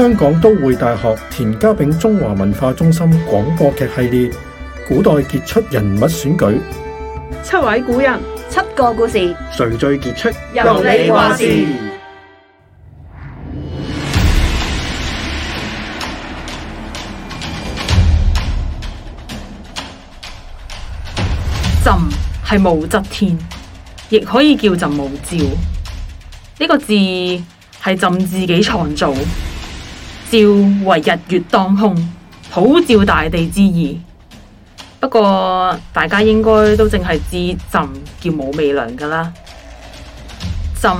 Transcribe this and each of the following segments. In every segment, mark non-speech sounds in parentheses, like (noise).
香港都會大學田家炳中華文化中心廣播劇系列《古代傑出人物選舉》，七位古人，七個故事，誰最傑出？由你話事。朕係武則天，亦可以叫朕武曌。呢、這個字係朕自己創造。曌為日月當空，普照大地之意。不過大家應該都淨係知朕叫武媚娘㗎啦。朕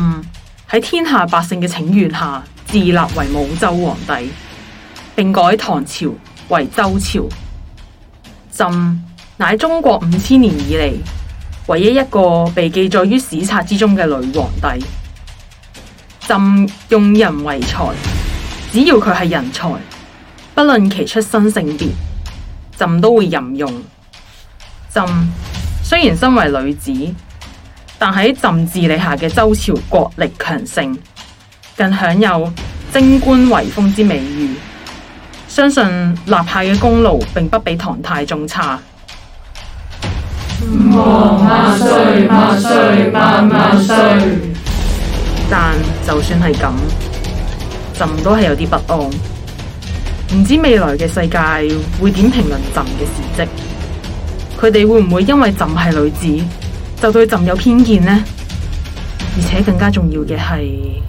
喺天下百姓嘅請願下，自立為武周皇帝，並改唐朝為周朝。朕乃中國五千年以嚟唯一一個被記載於史冊之中嘅女皇帝。朕用人為才。只要佢係人才，不論其出身性別，朕都會任用。朕雖然身為女子，但喺朕治理下嘅周朝國力強盛，更享有貞觀遺風之美譽。相信立下嘅功勞，並不比唐太宗差。吾皇萬歲，萬歲。萬萬歲！萬歲！萬萬歲！但就算係咁。朕都係有啲不安，唔知未來嘅世界會點評論朕嘅事跡？佢哋會唔會因為朕係女子，就對朕有偏見呢？而且更加重要嘅係。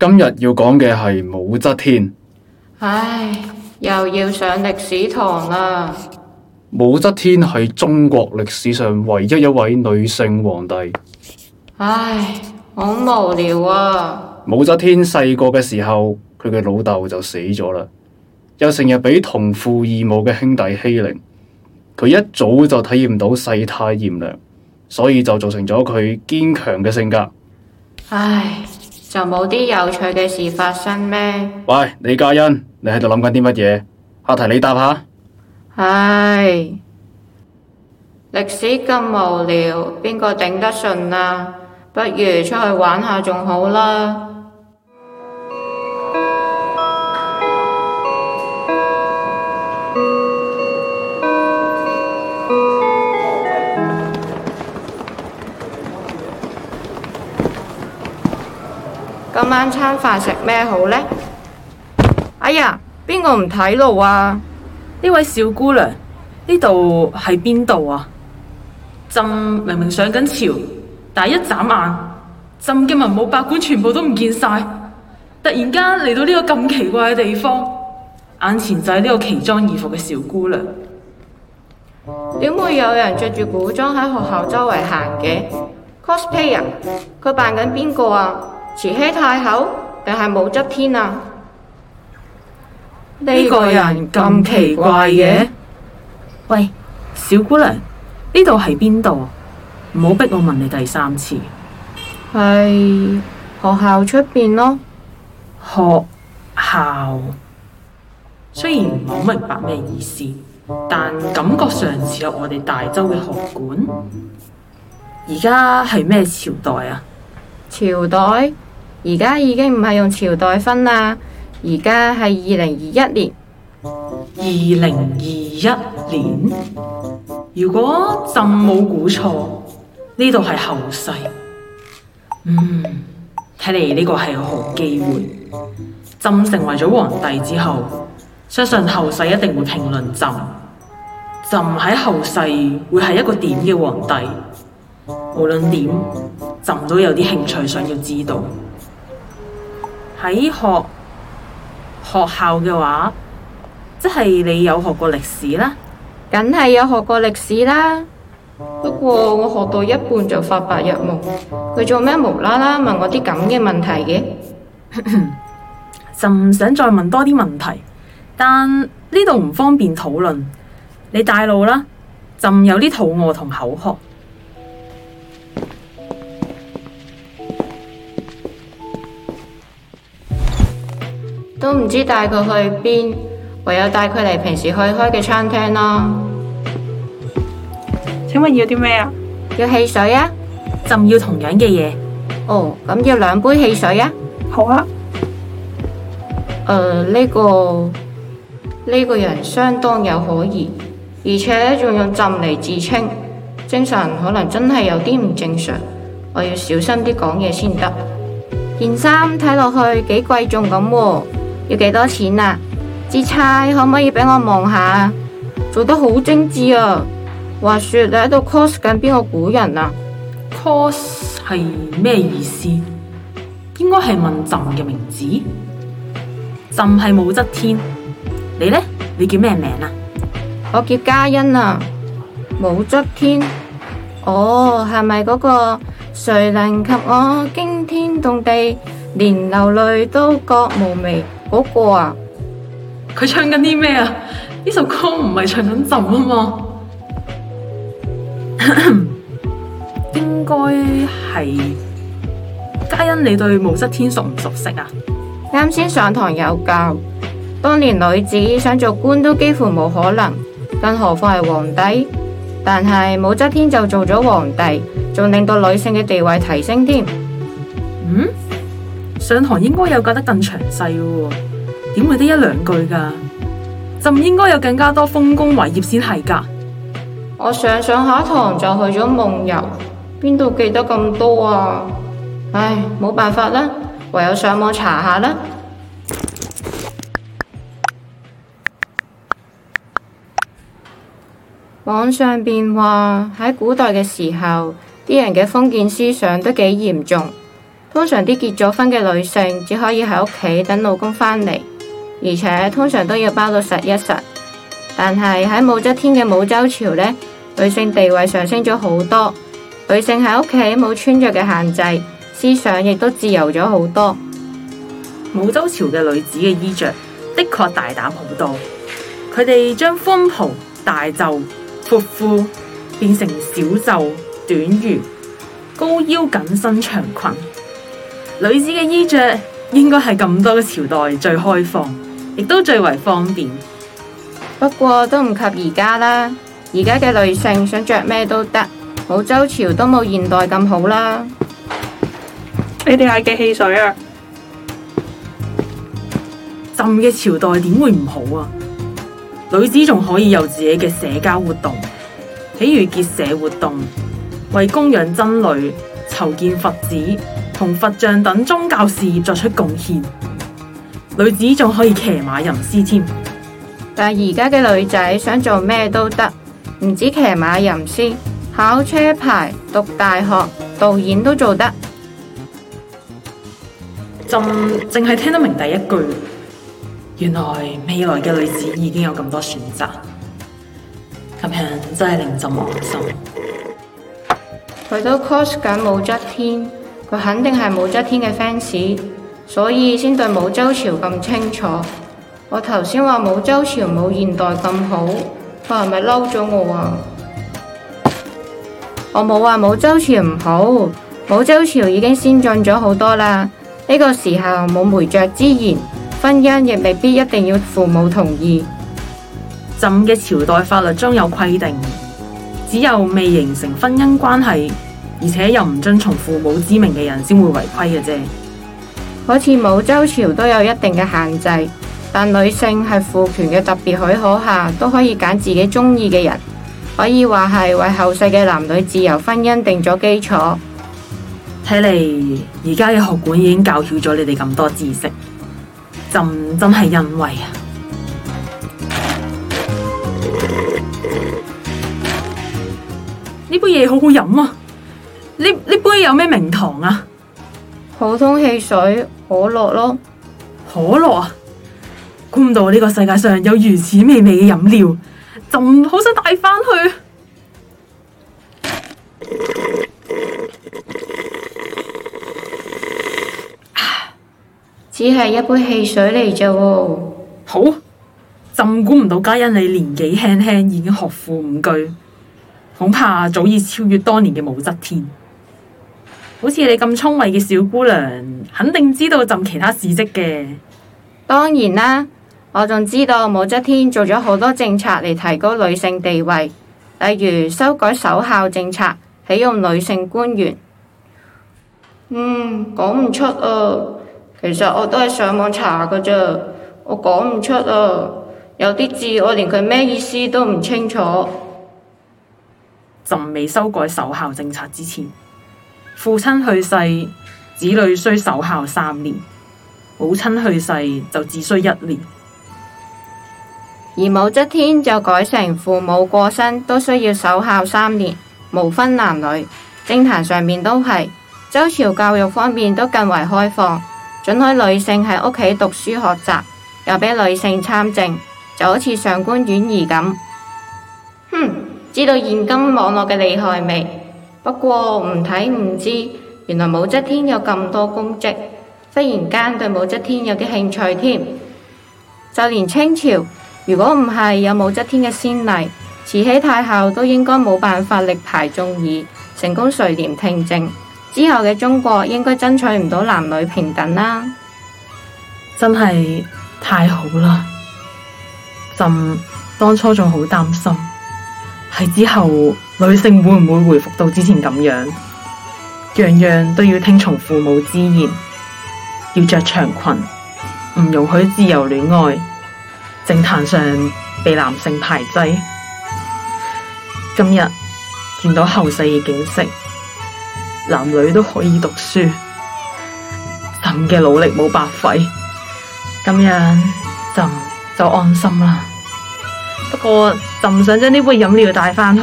今日要講嘅係武則天。唉，又要上歷史堂啦。武則天係中國歷史上唯一一位女性皇帝。唉，好無聊啊。武則天細個嘅時候，佢嘅老豆就死咗啦，又成日俾同父異母嘅兄弟欺凌，佢一早就體驗到世態炎涼，所以就造成咗佢堅強嘅性格。唉。就冇啲有趣嘅事發生咩？喂，李嘉恩，你喺度諗緊啲乜嘢？下題你答下。唉，歷史咁無聊，邊個頂得順啊？不如出去玩下仲好啦。今晚餐飯食咩好呢？哎呀，邊個唔睇路啊？呢位小姑娘，呢度係邊度啊？朕明明上緊朝，但係一眨眼，朕嘅文武百官全部都唔見晒，突然間嚟到呢個咁奇怪嘅地方，眼前就係呢個奇裝異服嘅小姑娘。點會有人着住古裝喺學校周圍行嘅？cosplay 啊？佢扮緊邊個啊？慈禧太后定係武則天啊？呢個人咁奇怪嘅。喂，小姑娘，呢度係邊度？唔好逼我問你第三次。係學校出面咯。學校雖然唔好明白咩意思，但感覺上似係我哋大周嘅學館。而家係咩朝代啊？朝代。而家已經唔係用朝代分啦，而家係二零二一年。二零二一年，如果朕冇估錯，呢度係後世。嗯，睇嚟，呢個係好機會。朕成為咗皇帝之後，相信後世一定會評論朕。朕喺後世會係一個點嘅皇帝？無論點，朕都有啲興趣想要知道。喺學學校嘅話，即係你有學過歷史，史啦，梗係有學過歷史啦。不過我學到一半就發白日夢，佢做咩無啦啦問我啲咁嘅問題嘅？ (coughs) 朕想再問多啲問題，但呢度唔方便討論。你帶路啦，朕有啲肚餓同口渴。都唔知帶佢去邊，唯有帶佢嚟平時去開嘅餐廳啦。請問要啲咩啊？要汽水啊？朕要同樣嘅嘢。哦，咁要兩杯汽水啊？好啊。誒、呃、呢、這個呢、這個人相當有可疑，而且仲用朕嚟自稱，精神可能真係有啲唔正常。我要小心啲講嘢先得。件衫睇落去幾貴重咁、啊。要幾多錢啊？支釵可唔可以俾我望下啊？做得好精致啊！話說你喺度 cos 緊邊個古人啊？cos 係咩意思？應該係問朕嘅名字。朕係武則天。你呢？你叫咩名字啊？我叫嘉恩啊。武則天。哦，係咪嗰個？誰能及我驚天動地，連流淚都覺無味？嗰個啊，佢唱緊啲咩啊？呢首歌唔係唱緊朕啊嘛， (coughs) (coughs) 應該係嘉恩，你對武則天熟唔熟悉啊？啱先上堂有教，當年女子想做官都幾乎冇可能，更何況係皇帝。但係武則天就做咗皇帝，仲令到女性嘅地位提升添。上堂應該有教得更詳細喎，點會得一兩句噶？就應該有更加多豐功偉業先係噶。我上上下一堂就去咗夢遊，邊度記得咁多啊？唉，冇辦法啦，唯有上網查下啦。網上邊話喺古代嘅時候，啲人嘅封建思想都幾嚴重。通常啲結咗婚嘅女性只可以喺屋企等老公返嚟，而且通常都要包到實一實。但係喺武則天嘅武周朝咧，女性地位上升咗好多，女性喺屋企冇穿着嘅限制，思想亦都自由咗好多。武周朝嘅女子嘅衣着的確大膽好多，佢哋將寬袍大袖闊褲變成小袖短裙高腰緊身長裙。女子嘅衣着應該係咁多嘅朝代最開放，亦都最為方便。不過都唔及而家啦，而家嘅女性想着咩都得，冇周朝都冇現代咁好啦。你哋係嘅汽水啊！朕嘅朝代點會唔好啊？女子仲可以有自己嘅社交活動，譬如結社活動，為供養僧侶、籌建佛寺。同佛像等宗教事業作出貢獻，女子仲可以騎馬吟詩添。但係而家嘅女仔想做咩都得，唔止騎馬吟詩，考車牌、讀大學、導演都做得。朕淨係聽得明第一句，原來未來嘅女子已經有咁多選擇，今日真係令朕動心。佢都 cos 緊武則天。佢肯定係武則天嘅 fans，所以先對武周朝咁清楚。我頭先話武周朝冇現代咁好，佢係咪嬲咗我啊？我冇話武周朝唔好，武周朝已經先進咗好多啦。呢、這個時候冇媒妁之言，婚姻亦未必一定要父母同意。朕嘅朝代法律中有規定，只有未形成婚姻關係。而且又唔遵從父母之命嘅人先會違規嘅啫。好似武周朝都有一定嘅限制，但女性喺父權嘅特別許可下都可以揀自己中意嘅人，可以話係為後世嘅男女自由婚姻定咗基礎。睇嚟而家嘅學館已經教曉咗你哋咁多知識，朕真係欣慰啊 (noise) 這好好啊！呢杯嘢好好飲啊！呢呢杯有咩名堂啊？普通汽水可樂咯，可樂啊！估唔到呢個世界上有如此美味嘅飲料，朕好想帶翻去。只係一杯汽水嚟咋喎，好！朕估唔到嘉恩你年紀輕輕輕已經學富五車，恐怕早已超越當年嘅武則天。好似你咁聰慧嘅小姑娘，肯定知道朕其他事蹟嘅。當然啦，我仲知道武則天做咗好多政策嚟提高女性地位，例如修改守孝政策，啟用女性官員。嗯，講唔出啊！其實我都係上網查噶咋。我講唔出啊！有啲字我連佢咩意思都唔清楚。朕未修改守孝政策之前。父親去世，子女需守孝三年；母親去世就只需一年。而武則天就改成父母過身都需要守孝三年，無分男女。政壇上面都係，周朝教育方面都更為開放，准許女性喺屋企讀書學習，又俾女性參政，就好似上官婉兒咁。哼，知道現今網絡嘅厲害未？不過唔睇唔知，原來武則天有咁多功績，忽然間對武則天有啲興趣添。就連清朝，如果唔係有武則天嘅先例，慈禧太后都應該冇辦法力排眾議，成功垂簾聽政。之後嘅中國應該爭取唔到男女平等啦，真係太好啦！朕當初仲好擔心。係之後，女性會唔會回復到之前咁樣？樣樣都要聽從父母之言，要着長裙，唔容許自由戀愛，政壇上被男性排擠。今日見到後世嘅景色，男女都可以讀書，朕嘅努力冇白費，咁樣朕就安心啦。不過就唔想將呢杯飲料帶返去。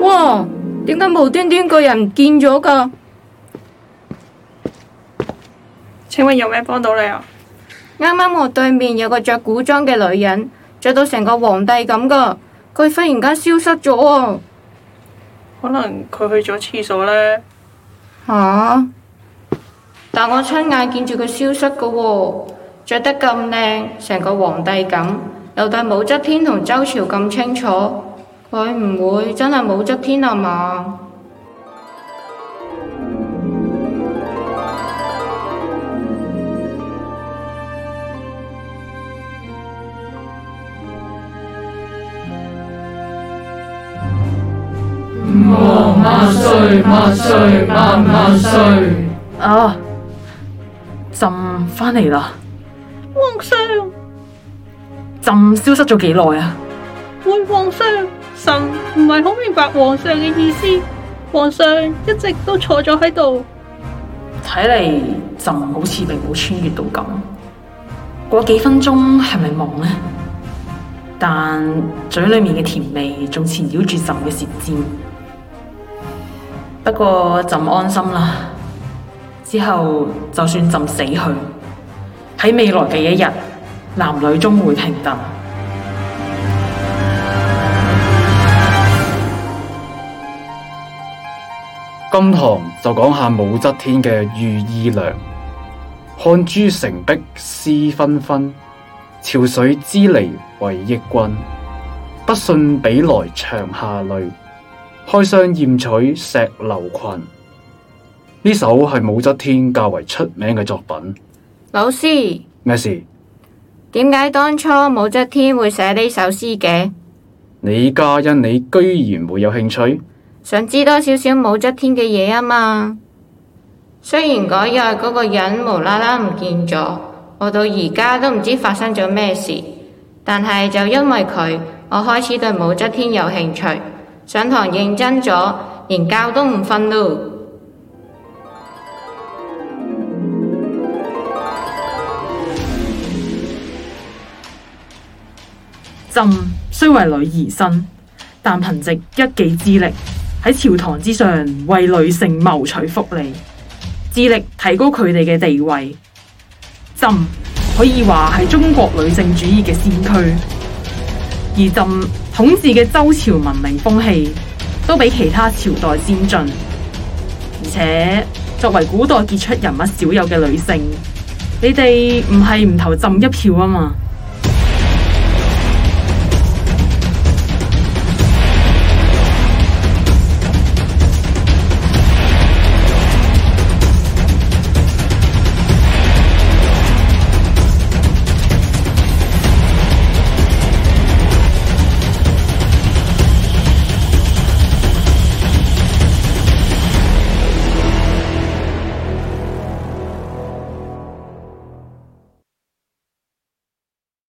哇！點解無端端個人唔見咗噶？請問有咩幫到你啊？啱啱我對面有個着古裝嘅女人，着到成個皇帝咁噶，佢忽然間消失咗啊！可能佢去咗廁所咧。吓、啊！但我親眼見住佢消失噶喎、啊。着得咁靚，成個皇帝咁，又對武則天同周朝咁清楚，佢唔會真係武則天啊嘛？吾皇萬歲萬歲萬萬歲！啊，朕翻嚟啦～朕消失咗幾耐啊？回皇上，臣唔係好明白皇上嘅意思。皇上一直都坐咗喺度，睇嚟，朕好似並冇穿越到咁。嗰幾分鐘係咪夢呢？但嘴裏面嘅甜味仲纏繞住朕嘅舌尖。不過朕安心啦，之後就算朕死去。喺未來嘅一日，男女終會平等。今堂就講下武則天嘅《如意娘》：「看朱成碧思紛紛，潮水之離為憶君。不信比來長下淚，開箱驗取石榴裙。呢首係武則天較為出名嘅作品。老師。咩事？點解當初武則天會寫呢首詩嘅？李嘉恩，你居然會有興趣？想知多少少武則天嘅嘢，啊嘛？雖然嗰日嗰個人無啦啦唔見咗，我到而家都唔知發生咗咩事，但係就因為佢，我開始對武則天有興趣，上堂認真咗，連覺都唔瞓咯。朕雖為女兒身，但憑借一己之力，喺朝堂之上為女性謀取福利，致力提高佢哋嘅地位。朕可以話係中國女性主義嘅先驅，而朕統治嘅周朝文明風氣都比其他朝代先進，而且作為古代傑出人物少有嘅女性，你哋唔係唔投朕一票啊嘛？